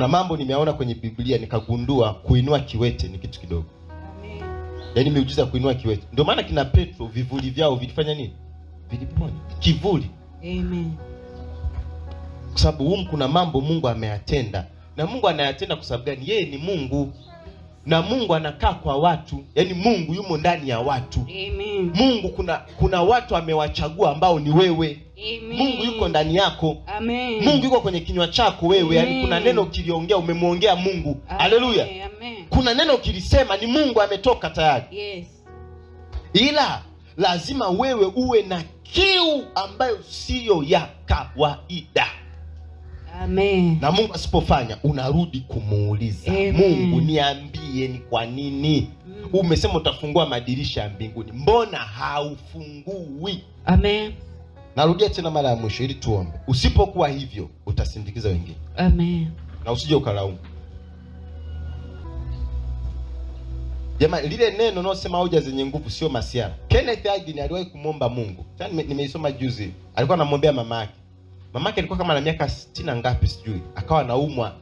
kuna mambo nimeyaona kwenye Biblia nikagundua kuinua kiwete ni kitu kidogo. Amen. Yaani miujiza kuinua kiwete. Ndio maana kina Petro vivuli vyao vilifanya nini? Vilipona. Kivuli. Amen. Kwa sababu huko kuna mambo Mungu ameyatenda. Na Mungu anayatenda kwa sababu gani? Yeye ni Mungu na Mungu anakaa kwa watu, yaani Mungu yumo ndani ya watu. Amen. Mungu kuna kuna watu amewachagua ambao ni wewe. Amen. Mungu yuko ndani yako. Amen. Mungu yuko kwenye kinywa chako wewe, yaani kuna neno ukiliongea umemwongea Mungu. Haleluya. Kuna neno ukilisema ni Mungu ametoka tayari. Yes. Ila lazima wewe uwe na kiu ambayo siyo ya kawaida. Amen. Na Mungu asipofanya unarudi kumuuliza Amen. Mungu niambie niambie ni kwa nini mm. Umesema utafungua madirisha ya mbinguni, mbona haufungui? Amen. Narudia tena mara ya mwisho ili tuombe. Usipokuwa hivyo utasindikiza wengine. Amen. Na usije ukalaumu. jama lile neno naosema hoja zenye nguvu sio masiara. Kenneth agin aliwahi kumwomba Mungu. Tani nimeisoma juzi. Alikuwa anamwombea mama yake. Mama yake alikuwa kama na miaka sitini na ngapi sijui. Akawa anaumwa,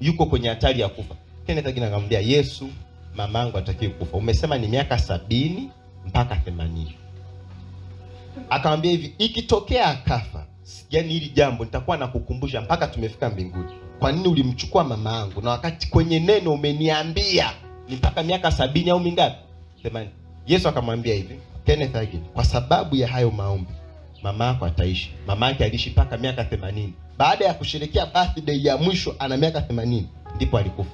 yuko kwenye hatari ya kufa. Kenneth Agina akamwambia Yesu, mamangu atakiwe kufa, umesema ni miaka sabini mpaka themanini. Akamwambia hivi, ikitokea akafa, yaani hili jambo nitakuwa nakukumbusha mpaka tumefika mbinguni. Kwa nini ulimchukua mama yangu na wakati kwenye neno umeniambia ni mpaka miaka sabini au mingapi? Themanini. Yesu akamwambia hivi, Kenneth Agina, kwa sababu ya hayo maombi mama yako ataishi. Mama yake aliishi mpaka miaka themanini. Baada ya kusherekea birthday ya mwisho ana miaka themanini ndipo alikufa.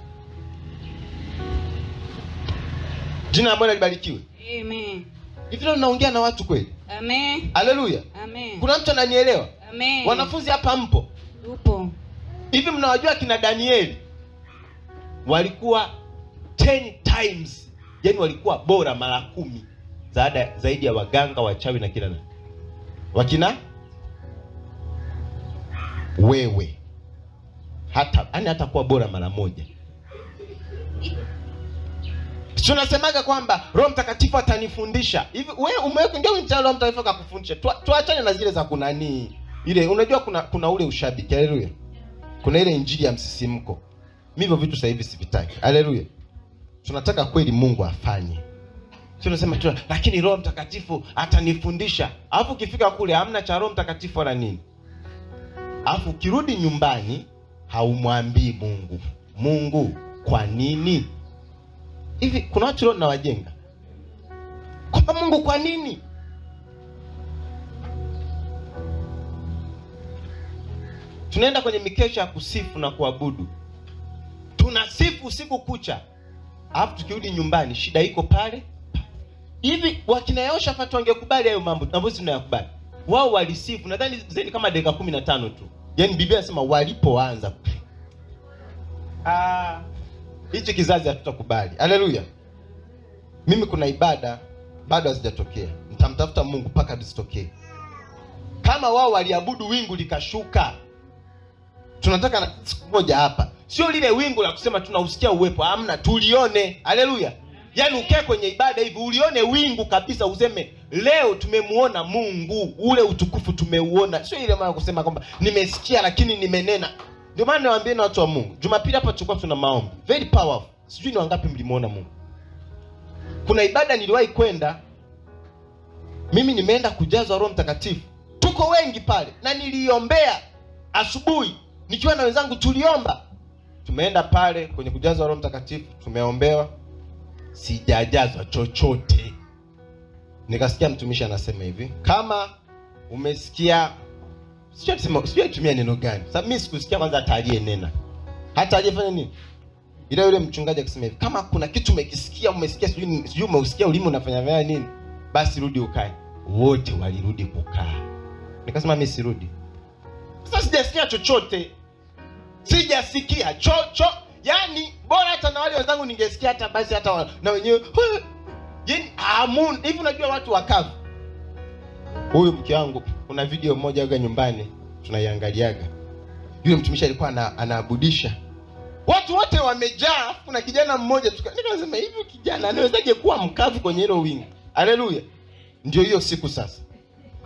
Jina la Bwana libarikiwe. Amen. Hivi leo naongea na watu kweli? Amen. Haleluya. Amen. Kuna mtu ananielewa? Amen. Wanafunzi hapa mpo? Upo. Hivi mnawajua kina Danieli? Walikuwa 10 times. yani walikuwa bora mara kumi zaada zaidi ya waganga wachawi na kila nani. Wakina wewe hata yani hatakuwa bora mara moja tunasemaga kwamba Roho Mtakatifu atanifundisha hivi. Wewe umeingia kwenye Roho Mtakatifu akakufundisha, tuachane na zile za kunanii ile. Unajua kuna kuna ule ushabiki, haleluya. Kuna ile injili ya msisimko, mimi hivyo vitu sasa hivi sivitaki, haleluya. Tunataka kweli Mungu afanye tunasema tu, lakini Roho Mtakatifu atanifundisha. Alafu ukifika kule hamna cha Roho Mtakatifu wala nini, alafu ukirudi nyumbani haumwambii Mungu, Mungu kwa nini hivi kuna watu leo nawajenga kwamba Mungu, kwa nini tunaenda kwenye mikesha ya kusifu na kuabudu, tunasifu usiku kucha, alafu tukirudi nyumbani shida iko pale hivi. Wakina Yehoshafati wangekubali hayo mambo ambayo tunayakubali, wao walisifu, nadhani zaidi kama dakika kumi na tano tu, yaani Biblia inasema walipoanza ah hichi kizazi hatutakubali. Haleluya! Mimi kuna ibada bado hazijatokea, nitamtafuta Mungu mpaka zitokee. Kama wao waliabudu wingu likashuka, tunataka siku moja hapa, sio lile wingu la kusema tunausikia uwepo, amna, tulione. Haleluya! Yaani ukae kwenye ibada hivi ulione wingu kabisa, useme leo tumemuona Mungu, ule utukufu tumeuona, sio ile maana kusema kwamba nimesikia lakini nimenena. Ndio maana niwaambie na watu wa Mungu, Jumapili hapa tulikuwa tuna maombi very powerful. Sijui ni wangapi mlimuona Mungu. Kuna ibada niliwahi kwenda mimi, nimeenda kujazwa Roho Mtakatifu, tuko wengi pale na niliombea asubuhi nikiwa na wenzangu, tuliomba. Tumeenda pale kwenye kujazwa Roho Mtakatifu, tumeombewa, sijajazwa chochote. Nikasikia mtumishi anasema hivi, kama umesikia sijui aitumia neno gani. Sasa mimi sikusikia kwanza hata aliyenena hata aliyefanya nini, ila yule mchungaji akisema hivi, kama kuna kitu umekisikia, umesikia sijui, sijui umeusikia ulimi unafanya vya nini, basi rudi ukae. Wote walirudi kukaa, nikasema mimi sirudi. Sasa sijasikia chochote, sijasikia chocho, yani bora hata na wale wenzangu ningesikia hata basi, hata na wenyewe yaani, hivi. Unajua watu wakavu Huyu mke wangu, kuna video moja aga nyumbani tunaiangaliaga, yule mtumishi alikuwa anaabudisha watu wote wamejaa, kuna kijana mmoja tuka, nikasema hivi kijana anawezaje kuwa mkavu kwenye hilo wingi? Haleluya! Ndio hiyo siku sasa,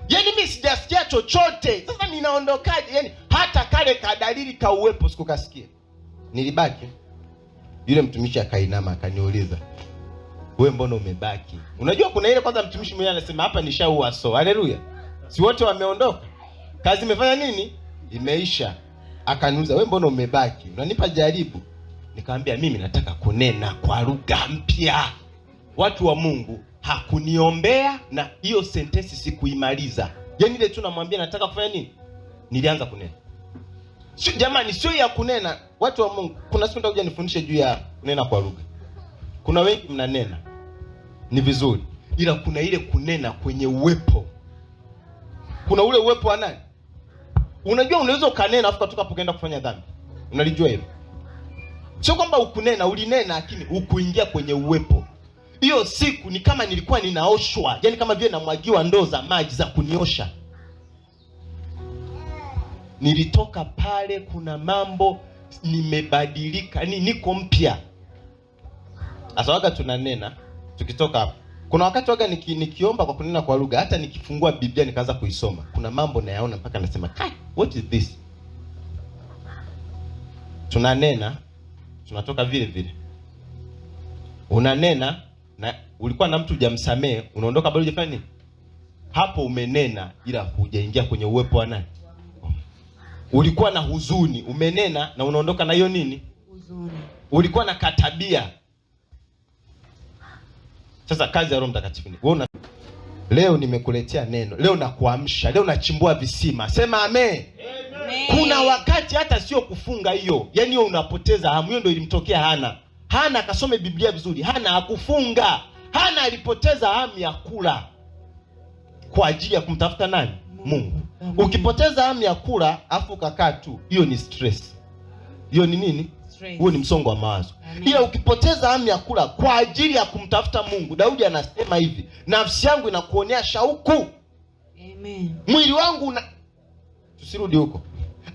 yani mimi sijasikia chochote sasa, ninaondokaje? Yani hata kale kadalili ka uwepo sikukasikia, nilibaki. Yule mtumishi akainama akaniuliza, we mbona umebaki? Unajua kuna ile kwanza, mtumishi mwenyewe anasema hapa nishaua, so haleluya, si wote wameondoka, kazi imefanya nini, imeisha. Akaniuza, we mbona umebaki, unanipa jaribu? Nikamwambia mimi nataka kunena kwa lugha mpya. Watu wa Mungu, hakuniombea na hiyo sentensi sikuimaliza, yaani ile tu namwambia nataka kufanya nini, nilianza kunena. Sio jamani, sio ya kunena. Watu wa Mungu, kuna siku nitakuja nifundishe juu ya kunena kwa lugha. Kuna wengi mnanena ni vizuri, ila kuna ile kunena kwenye uwepo, kuna ule uwepo wa nani? Unajua, unaweza ukanena afu katoka hapo kaenda kufanya dhambi. Unalijua hilo? Sio kwamba ukunena, ulinena, lakini ukuingia kwenye uwepo. Hiyo siku ni kama nilikuwa ninaoshwa, yani kama vile namwagiwa ndoo za maji za kuniosha. Nilitoka pale, kuna mambo nimebadilika, ni niko mpya. Asawaga tunanena tukitoka hapa, kuna wakati waga niki, nikiomba kwa kunena kwa lugha, hata nikifungua Biblia nikaanza kuisoma, kuna mambo nayaona mpaka nasema kai, what is this? Tunanena tunatoka vile vile, unanena na ulikuwa na mtu hujamsamehe, unaondoka bado hujafanya nini hapo? Umenena ila hujaingia kwenye uwepo wa nani? Ulikuwa na huzuni, umenena na unaondoka na hiyo nini huzuni. Ulikuwa na katabia sasa kazi ya Roho Mtakatifu ni wewe una... Leo nimekuletea neno, leo nakuamsha, leo nachimbua visima. Sema amen. Kuna wakati hata sio kufunga hiyo, yaani wewe unapoteza hamu. Hiyo ndio ilimtokea Hana. Hana akasome Biblia vizuri, Hana hakufunga. Hana alipoteza hamu ya kula kwa ajili ya kumtafuta nani? Mungu. Ukipoteza hamu ya kula afu ukakaa tu, hiyo ni stress. Hiyo ni nini? huo ni msongo wa mawazo. Ila ukipoteza hamu ya kula kwa ajili ya kumtafuta Mungu, Daudi anasema hivi, nafsi yangu inakuonea shauku. Amen. Mwili wangu una... tusirudi huko,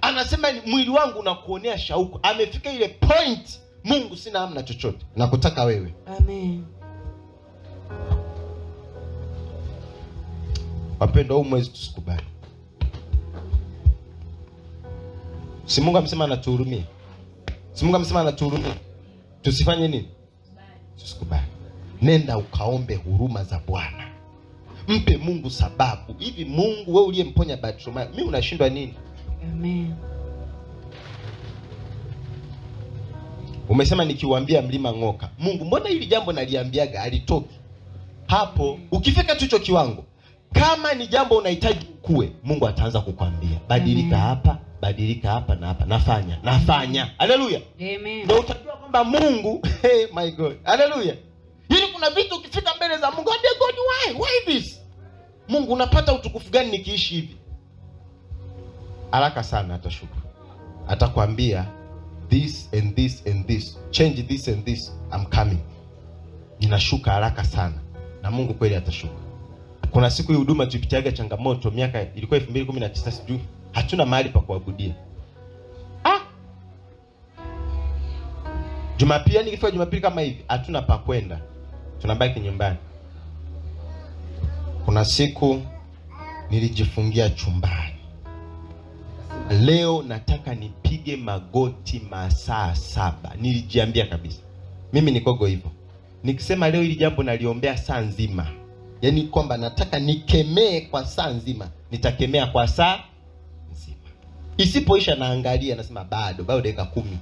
anasema mwili wangu unakuonea shauku. Amefika ile point, Mungu sina hamu na chochote, nakutaka wewe. Amen. Wapendwa, huu mwezi tusikubali. Si Mungu amesema anatuhurumia? Si Mungu amesema anatuhurumia. Tusifanye nini? Tusikubali. Nenda ukaombe huruma za Bwana. Mpe Mungu sababu. Hivi Mungu wewe uliyemponya Bartimayo, mimi unashindwa nini? Amen. Umesema nikiwaambia mlima ng'oka. Mungu, mbona hili jambo naliambiaga alitoki? Hapo ukifika tu hicho kiwango, kama ni jambo unahitaji ukue, Mungu ataanza kukwambia, badilika hapa badilika hapa na hapa, nafanya nafanya. Haleluya, amen. Ndio utajua kwamba Mungu hey, my God, haleluya. Ili kuna vitu ukifika mbele za Mungu ambia God, why why this Mungu, unapata utukufu gani nikiishi hivi? Haraka sana atashuka, atakwambia this and this and this, change this and this, I'm coming. Ninashuka haraka sana, na Mungu kweli atashuka. Kuna siku hii huduma tulipitiaga changamoto, miaka ilikuwa 2019 sijui hatuna mahali pa kuabudia. Ah, Jumapili yani ikifika Jumapili kama hivi hatuna pa kwenda, tunabaki nyumbani. Kuna siku nilijifungia chumbani, leo nataka nipige magoti masaa saba. Nilijiambia kabisa, mimi nikogo hivyo, nikisema leo hili jambo naliombea saa nzima, yaani kwamba nataka nikemee kwa saa nzima, nitakemea kwa saa Isipoisha naangalia, nasema bado bado dakika kumi.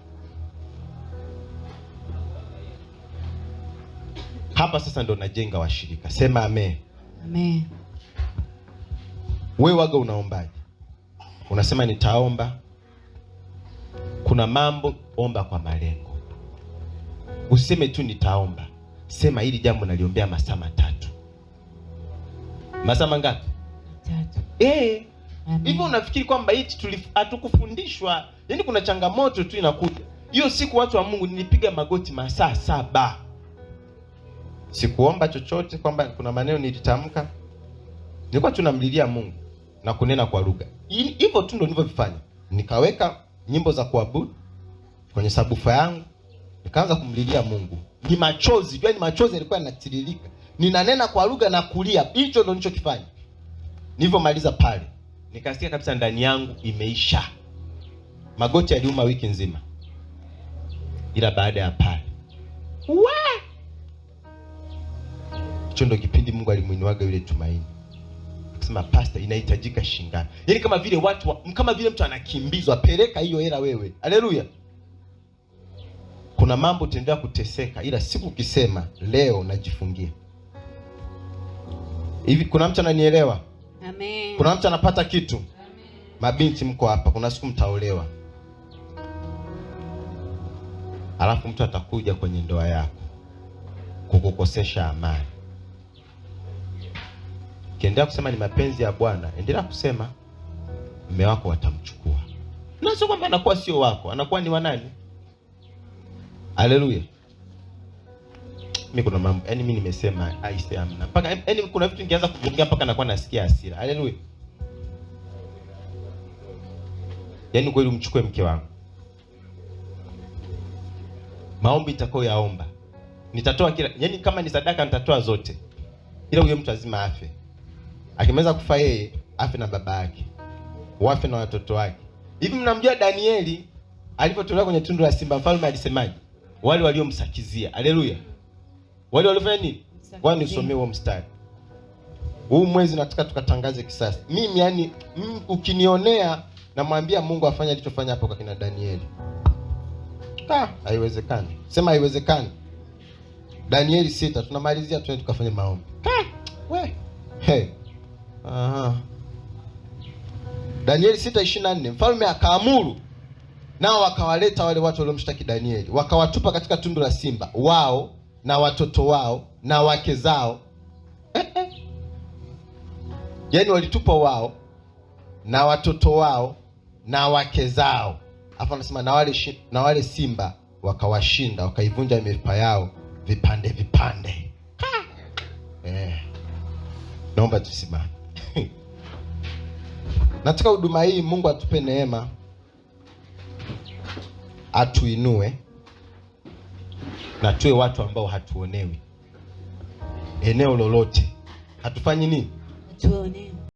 Hapa sasa ndo najenga washirika. Sema amen. Amen. waga unaombaje? Unasema nitaomba. Kuna mambo omba kwa malengo, useme tu nitaomba. Sema hili jambo naliombea masaa matatu. Masaa mangapi? Matatu. Eh. Hivyo unafikiri kwamba hichi hatukufundishwa? yani kuna changamoto tu inakuja. Hiyo siku watu wa Mungu nilipiga magoti masaa saba, sikuomba chochote, kwamba kuna maneno nilitamka, nilikuwa tunamlilia Mungu na kunena kwa lugha. Hivyo tu ndo nilivyovifanya. Nikaweka nyimbo za kuabudu kwenye sabufa yangu, nikaanza kumlilia Mungu, ni machozi, jua ni machozi yalikuwa yanatiririka, ninanena kwa lugha na kulia. Hicho ndo nilichokifanya nilivyomaliza pale nikasikia kabisa ndani yangu imeisha. Magoti yaliuma wiki nzima, ila baada ya pale hicho ndo kipindi Mungu alimwinuaga yule Tumaini akasema, pasta, inahitajika shingapi? Yaani kama vile watu kama vile mtu anakimbizwa, peleka hiyo hela wewe. Haleluya! Kuna mambo utaendelea kuteseka, ila siku ukisema leo najifungia hivi, kuna mtu ananielewa? Amen. Kuna mtu anapata kitu. Amen. Mabinti mko hapa, kuna siku mtaolewa, alafu mtu atakuja kwenye ndoa yako kukukosesha amani. Ukiendelea kusema ni mapenzi ya Bwana, endelea kusema, mme wako watamchukua, na sio kwamba anakuwa sio wako, anakuwa ni wanani? Haleluya mimi kuna mambo yani, mimi nimesema aise, amna mpaka yani, kuna vitu ningeanza kuongea mpaka nakuwa nasikia hasira. Haleluya! Yani kweli, umchukue mke wangu, maombi itakao yaomba. nitatoa kila, yani kama ni sadaka nitatoa zote, ila huyo mtu azima afe. Akimaliza kufa yeye afe na baba yake, wafe na watoto wake. Hivi mnamjua Danieli alipotolewa kwenye tundu la simba, mfalme alisemaje? Wale waliomsakizia. Haleluya! Wale walifanya nini? Wao nisomee huo mstari. Huu mwezi nataka tukatangaze kisasi. Mimi yani mm, ukinionea namwambia Mungu afanye alichofanya hapo kwa kina Danieli. Ka, haiwezekani. Sema haiwezekani. Danieli sita tunamalizia tuende tukafanye maombi. Ka, we. Hey. Aha. Danieli 6:24 mfalme akaamuru nao wakawaleta wale watu waliomshtaki Danieli wakawatupa katika tundu la simba wao na watoto wao na wake zao yaani walitupa wao na watoto wao na wake zao, alafu anasema na wale na wale simba wakawashinda, wakaivunja mipa yao vipande vipande. Eh, naomba tusimame. Nataka huduma hii Mungu atupe neema, atuinue na tuwe watu ambao hatuonewi eneo lolote. Hatufanyi nini? Hatuonewi.